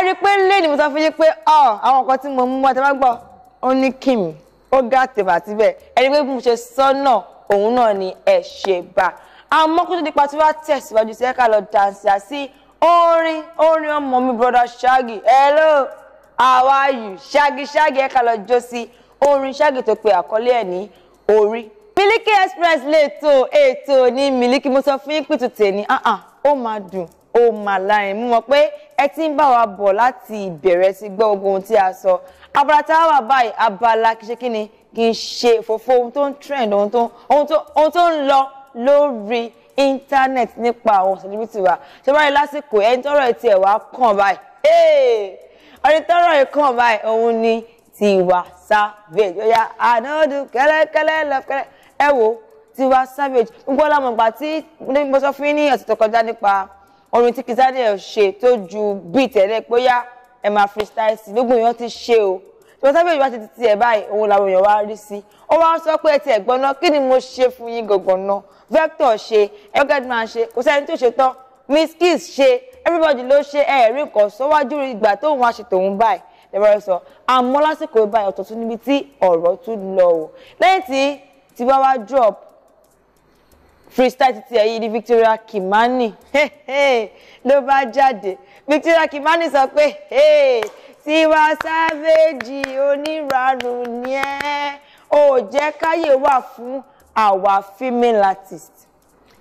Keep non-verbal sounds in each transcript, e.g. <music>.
ẹ rí i pé lé ní mo sọ fún yín pé ọ oh, àwọn nǹkan tí mo mú wá tí wọ́n gbọ́ ó ní kìmí ó gà tèbà síbẹ̀ ẹ rí i pé mo ṣe sọ náà òun náà ni ẹ ṣe bá àmọ́ kó tó di pàtó wá sí ẹ̀ka lọ dànsíà sí orin orin ọmọ mi brother Shaggy hello how are you Shaggy Shaggy ẹ̀ka lọ jó sí orin Shaggy tó pe àkọlé ẹ̀ ní orí Miliki Express lè tó ètò ní Miliki mo sọ fún yín pé ní ah, ah, ó máa dùn ó máa láyìn mú wọn pé ẹ ti ń bá wa bọ̀ láti ìbẹ̀rẹ̀ ti gbọ́ gbogbo ohun tí a sọ abala tá wà báyìí abala kìí ṣe kí ni kì í ṣe òfófó ohun tó ń trend ohun tó ohun tó ń lọ lórí íńtánẹ́ẹ̀tì nípa àwọn celebrity wa ṣe báyìí lásìkò ẹni tọ́rọ̀ ẹ̀ tiẹ̀ wá kàn báyìí ọ̀rẹ́ tọ́rọ̀ ẹ̀ kàn báyìí òun ni Tiwa Savage ọ̀yà ànádù kẹ́lẹ́kẹ́lẹ́ lọ́kẹ́lẹ́ ẹ wo Tiwa Savage gbogbo ọlọ́mọgbà tí mo sọ fún yín ní ọ̀sẹ̀ tó kọjá nípa orin tí Kizz Daniel ṣe tó ju bíi tẹ̀lé pé ó yá ẹ máa freestyle sí gbogbo èèyàn ti ṣe o ìwọ sábẹ́ ìwà títí tiẹ̀ báyìí òun làwọn èèyàn wá rí sí ó wá sọ pé ẹtì ẹ̀gbọ́n náà kí ni mo ṣe fún yín gangan náà Vector ṣe Elgadman ṣe kò sẹ́ni tó ṣe tán Miss Kiss ṣe everybody ló ṣe ẹ̀rí nǹkan sọ́wájú ìgbà tóun wá ṣe tòun báyìí lẹ́bàárẹ̀ sọ àmọ́ lásìkò ìbáyìí ọ̀tọ̀ tún níbi tí ọ̀rọ̀ tún lọ o lẹ́yìn tí tí bá wá drop freestyle títí ẹ̀ yìí ni Victoria Kimani ló bá jáde Victoria Kimani sọ pé Tiwa Savage oníranù ni ẹ́ ò jẹ́ káyè wà fún àwa female artist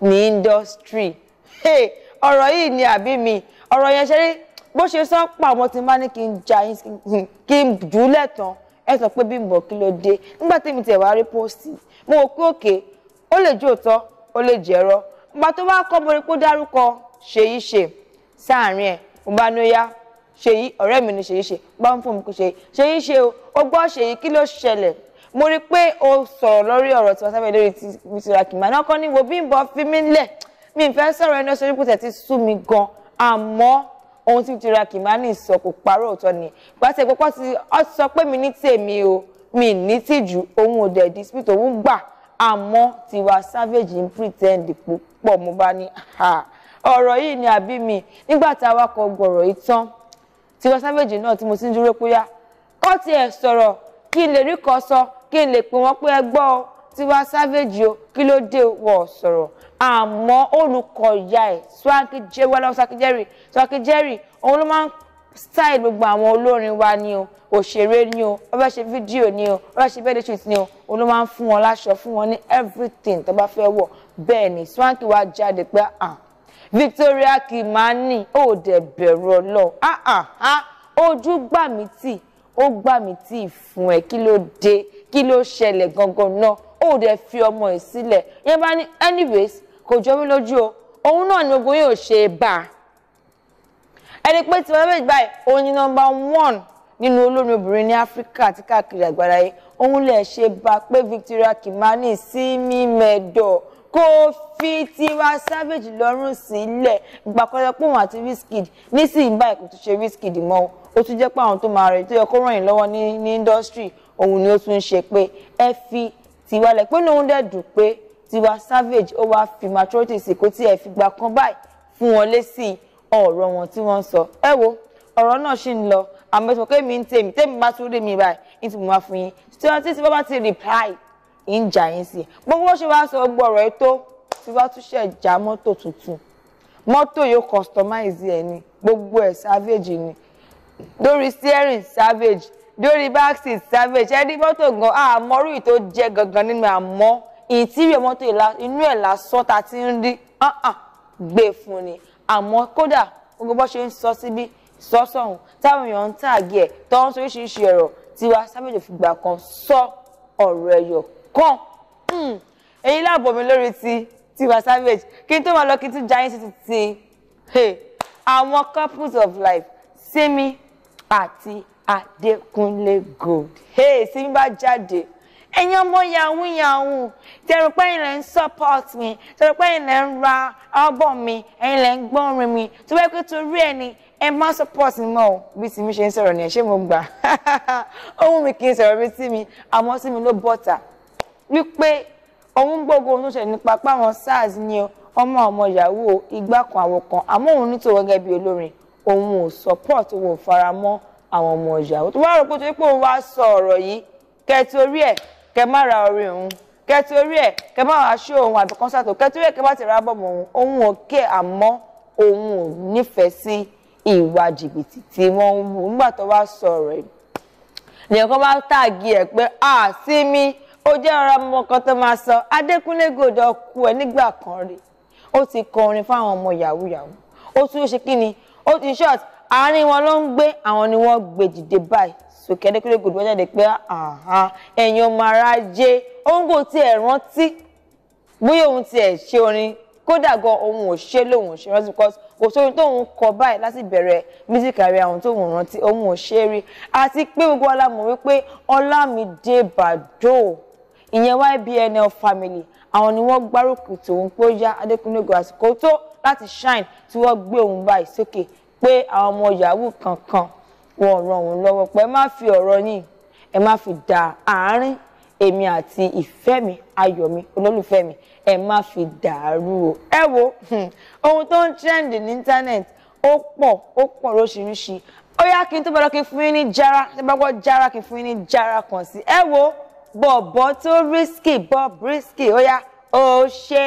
ní industry ọ̀rọ̀ yìí ni àbí mi ọ̀rọ̀ yẹn ṣe rí bó ṣe sọ pa àwọn tí n bá ní kí n ja yín kí n jù ú lẹ́tàn ẹ sọ pé Bímbọ́ kí ló dé nígbà tí mi tiẹ̀ wá rí póòsì mo wò òkè ó lè jó òótọ́ ó lè jẹ́rọ́ ìgbà tó wá kọ́ mo rí pé ó dárúkọ ṣèyí ṣe sáàárín ẹ̀ mo ṣèyí ọ̀rẹ́ mi ni ṣèyí ṣe bá ń fún mi kò ṣèyí ṣèyí ṣe o ó gbọ́ ṣèyí kí ló ṣẹlẹ̀ mo rí pé o sọ̀rọ̀ lórí ọ̀rọ̀ tí wọ́n sábẹ́ lórí ti tura kìmá náà kọ́ ni wo bí ń bọ́ fi mí lẹ̀ mi ń fẹ́ sọ̀rọ̀ ẹni ọ̀ṣẹ́ nípò tẹ̀tí sú mi gan àmọ́ ohun tí tura kìmá ní sọ kò parọ́ òótọ́ ni gbàtẹ́ ìpọ́pọ́ ti sọ pé mi ní tèmi o mi ní tìjú òun ò dẹ̀ dispute òun gbà àmọ́ tiwa savage ń pretend púpọ̀ mo bá ní ọ̀rọ̀ yìí ni àbí mi nígbà tá a wá kọ gbọ̀rọ̀ yìí tán tiwa savage náà tí mo ti ń dúró péyà kọ́ tiẹ̀ sọ̀rọ̀ kí n lè rí kan sọ kí n lè pè wọ́n pé ẹ gbọ́ ọ tiwa savage o kí ló dé wọ̀ sọ̀rọ̀ àmọ́ olùkọ́ ìyá ẹ̀ Swaggy Jerry wàlọ́ Swaggy Jerry Swaggy Jerry òun ló máa ń style gbogbo àwọn olórin wa ni o òṣèré ni o wọ́n fẹ́ ṣe fídíò ni o wọ́n fẹ́ ṣe bẹ́ẹ̀ shoot ni o òun ló máa ń fún wọn láṣọ fún wọn ní everything tó bá fẹ́ wọ̀ bẹ́ẹ̀ ni Swanky wá jáde pé ah, ah Victoria Kimani ó dẹ̀ bẹ̀rù ọlọ́run ah ah ah ojú gbà mí tì ó gbà mí tì fún ẹ kí ló dé kí ló ṣẹlẹ̀ gangan náà ó dẹ̀ fi ọmọ ẹ̀ sílẹ̀ yẹn bá ní anyways kò jọ mí lójú o òun náà ni ogun yóò ṣe bá a ẹni pé tí mohammed báyìí òun ni nọ́mbà one nínú olórin obìnrin ní áfíríkà àti káàkiri àgbáláyé òun lè ṣe bá pé victoria kimani sí mímẹdọ kó fi tiwa savage lọ́rùn sílẹ̀ gbàkọlẹ pòun àti wizkid nísìnyí báyìí kò tún ṣe wizkid mọ́ ó tún jẹ́ pé àwọn tó máa rẹ̀ tó yẹ kó ràn yín lọ́wọ́ ní ní indọ́strì òun ni ó tún ń ṣe pé ẹ fi tiwa lẹ̀ pé lóun dẹ̀ dùn pé tiwa savage ó wá fi maturity sí kó tí ẹ fi gbà kan báyìí fún wọn lé sí i ọ̀rọ̀ wọn tí wọ́n sọ ẹ wo ọ̀rọ̀ náà ṣì ń lọ àmọ́ ìṣòkè mi ń tèmi tèmi bá tún rí mi báyìí ní ti mo máa fún yín tí wọ́n ti bá bá ti reply ń jà yín sí i gbogbo bó ṣe wá sọ gbogbo ọ̀rọ̀ ètò tí wọ́n tún ṣe já mọ́tò tuntun mọ́tò yóò customize ẹ̀ ni gbogbo ẹ̀ savage ni lórí steering savage lórí back seat savage ẹni mọ́tò gan àmọ́rú ìtò jẹ́ gangan nínú àmọ́ interior mọ́tò inú ẹ̀ lásán ta ti ń rí gbé e fún ni àmọ́ kódà gbogbo bó ṣe ń sọ síbí sọ sọ̀hún táwọn èèyàn ń tààgì ẹ̀ tó ń sọ oríṣiríṣi ọ̀rọ̀ Tiwa Savage fìgbà kan sọ ọ̀rọ̀ ẹ̀yọ̀ kan èyí hmm. láàbọ̀ mi lórí ti Tiwa Savage kí n tó máa lọ kí n tún jayín sí ti ti àwọn couples of life Simi àti Adékúnlé Gold Simi bá jáde ẹ̀yin ọmọ yahoo yahoo tẹ̀rù pé ẹ̀yin ń support mi tẹ̀rù pé ẹ̀yin lẹ ń ra album mi ẹ̀yin lẹ ń gbọ́nrin mi tó bẹ́ẹ̀ pé torí ẹ̀ ni ẹ má support mi mọ́ o bí tìmí ṣe ń sọ̀rọ̀ ni ẹ̀ ṣé mo gbà ohun mi kì í sọ̀rọ̀ bí tí mi àmọ́ sí mi ló bọ́tà wípé òun gbogbo ohun tó ṣẹlẹ̀ nípa páwọn SARS ni ọmọ ọmọ yahoo igbá kan àwọn kan àmọ́ òun nítorí gẹ́gẹ́ bí olórin òun ò support òun ò fara mọ́ àwọn ọmọ yahoo tó bá rò pé tó yẹ pé òun wá sọ ọ̀rọ̀ yìí kẹ́ torí ẹ̀ má ra orin òun kẹtorí ẹ kẹ bá wàá ṣe òun àbí kọ́nsátò kẹtorí ẹ kẹ bá ti ra bọ́ọ̀mù òun òun ò kẹ́ àmọ́ òun ò nífẹ̀ẹ́ sí ìwà jìbìtì tí wọ́n ń wù nígbà tó bá sọ̀rọ̀ ẹ̀ nìyẹn kan bá tààgì ẹ̀ pé à sí mi ó jẹ́ ọ̀rọ̀ ọmọ kan tó máa sọ Adékúnlé Gold ọkọ ẹ̀ nígbà kan rè ó ti kọ orin fáwọn ọmọ yahoo yahoo ó tún ṣe kí ni ó ti short àárín wọn ló ń gbé àwọn ni wọ́n gbé dìde báyìí sókè Adékúnlé Gold wọ́n jáde pé ẹ̀yin ọmọ ara jẹ́ òǹgò tí ẹ̀ rántí bóyá òun ti ẹ̀ ṣe orin kódà gan òun ò ṣe lòun ò ṣe rántí because kò sóhun tóun kọ báyìí láti bẹ̀rẹ̀ music career àwọn tóun rántí òun ò ṣe rí àti pé gbogbo ọlá mọ̀ wípé Ọlámídé Bàdó ìyẹn YBNL family àwọn ni wọ́n gbárùkù tòun pé ó yá Adékúnlé Gold àsìkò tó láti shine tí wọ́n gbé òun báyìí sókè pé àwọn ọmọ yahoo kankan wọn ràn òun lọ́wọ́ pé ẹ má fi ọ̀rọ̀ yìí ẹ má fi dá àárín èmi àti ìfẹ́ mi ayọ̀ mi olólùfẹ́ mi ẹ má fi dàrú o. ẹ wo hmm, ohun tó ń trend ní internet ó pọ̀ ó pọ̀ lóṣìíríṣìí ó yá kí n tó bá lọ kí n fún yín ní jára tí bá gbọ́ jára kí n fún yín ní jára kan sí. ẹ wo bọ̀bọ̀ tó risky Bobrisky ó yá ó ṣe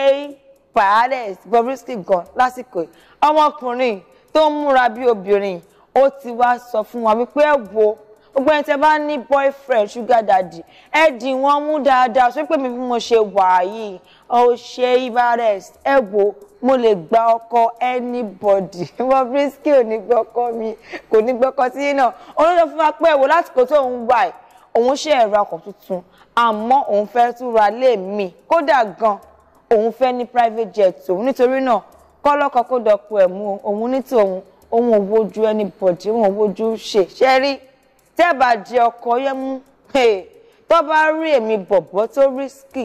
paradise Bobrisky gan lásìkò yìí ọmọkùnrin tó ń múra bí obìnrin ó ti wá sọ fún wa wípé ẹ wo gbogbo ẹni tẹ́ bá ní boyfriend sugar daddy ẹ dì wọ́n mú dáadáa sọ pé mi bí mo ṣe wà yìí ó ṣe ibares ẹ wo mo lè gba ọkọ anybody wọn <laughs> brisky ò ní gbọ́ ọkọ mi kò ní gbọ́ ọkọ tí náà olóòjọ fún wa pé ẹ̀wò láti kó tó òun wà yìí òun ṣe ẹ̀rọ ọkọ̀ tuntun àmọ́ òun fẹ́ tún ra lé mi kódà gan òun fẹ́ ní private jet òun nítorí náà kọ́lọ́kọ́ kó dọ̀pọ̀ ẹ̀mú òun ní tòun òun ò wojú anybody òun ò wojú ṣe ṣẹ́rí tẹ́ bá jẹ ọkọ yẹn mú tó bá rí èmi bọ̀bọ̀ tó risky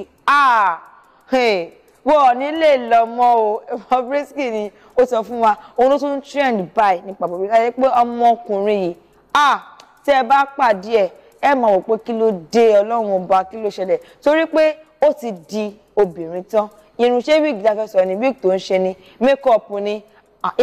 wọ́n ò ní lè lọ mọ́ o Bobrisky ni ó sọ fún wa òun ló tún ń trend báyìí nípa Bobrisky àti pé ọmọkùnrin yìí tẹ́ ẹ bá pàdé ẹ̀ ẹ mọ̀ wò pé kí ló dé ọlọ́run ọba kí ló ṣẹlẹ̀ torí pé ó ti di obìnrin tán irun ṣé wíìgì tá a fẹ́ sọ ni wíìgì tó ń ṣe ni mékọ́ọ̀pù ni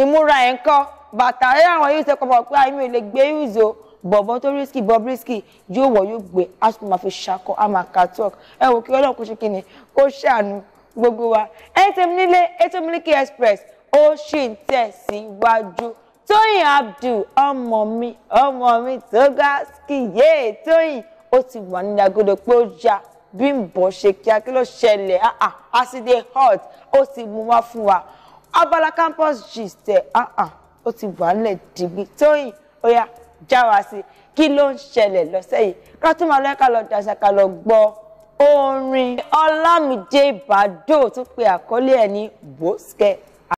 ìmúra ẹ̀ ń kọ́ bàtà ẹ̀ àwọn yóò ṣe kọ́ bọ̀ pé àìmí ò lè gbé yùzò bọ̀bọ̀ tó risky Bobrisky yóò wọ̀ yóò gbé aṣọ máa fi ṣakọ amaka talk ẹ wò kí ọlọ́run kò ṣe kí ni kó ṣàánú gbogbo wa ẹni tèmi nílé ètò Miliki Express ó ṣì ń tẹ̀síwájú Tóyìn Abdul ọmọ mi ọmọ mi tó ga skiye Tóyìn ó ti wà ní agodo pé ó ya bí ń bọ̀ ṣe kíá kí ló ṣẹlẹ̀ àṣìdè e hot ó ti mú wá fún wa abala campus gist ẹ̀ ó ti wà nílẹ̀ dìgbì Tóyìn ó yá já wa sí kí ló ń ṣẹlẹ̀ lọ́sẹ̀ yìí ká tún máa lọ́ọ́ ká lọ dàṣàkà lọ gbọ́ orin Ọlámídé Bàdóò tó pe àkọlé ẹ̀ ní bòskẹ́